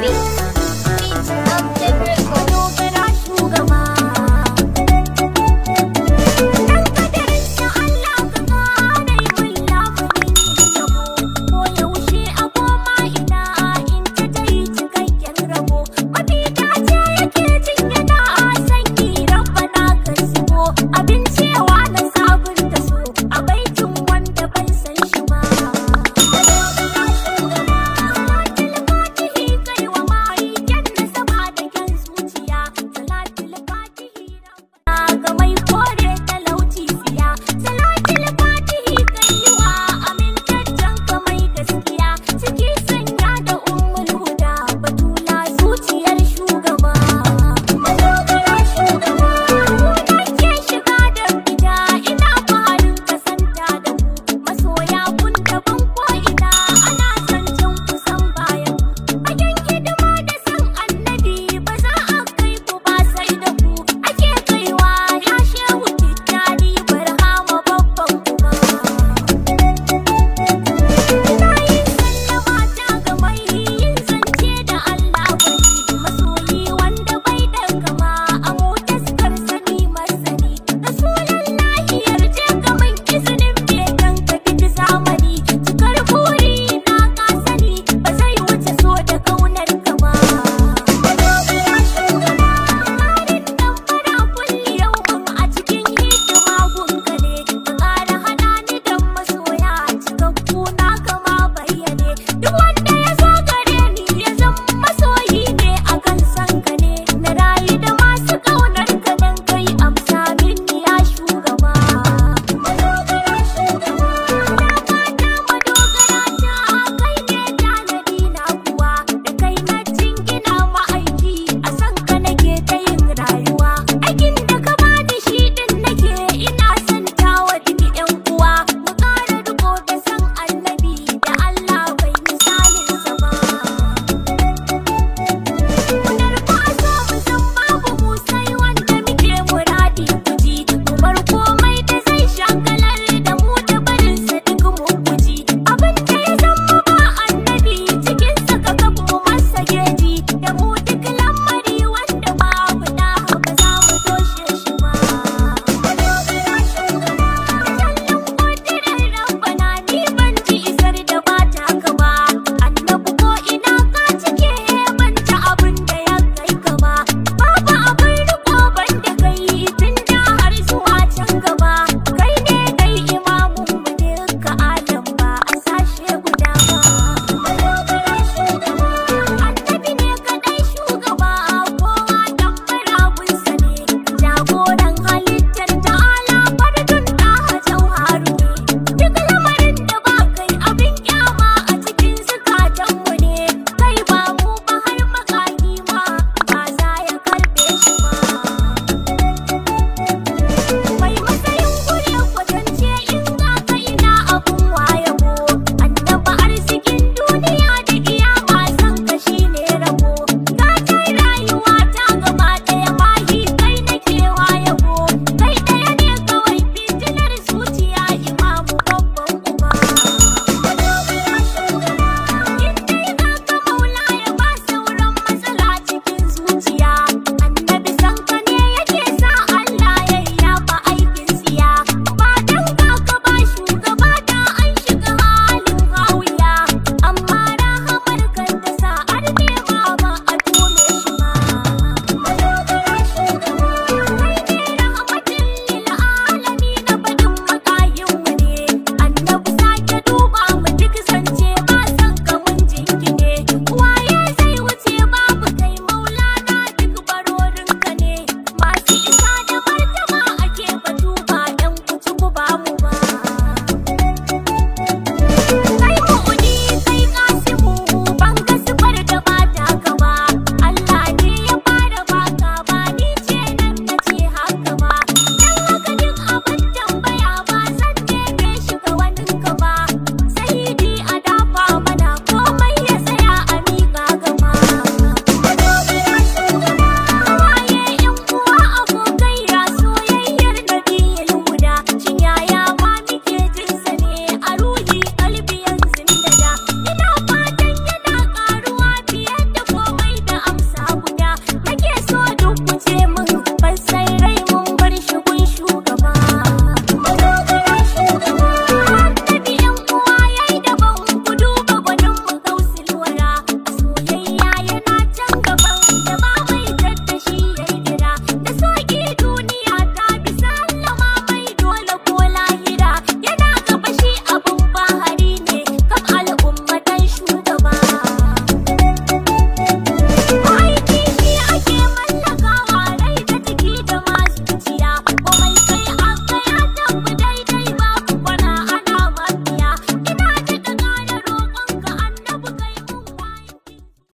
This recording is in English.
me. enquanto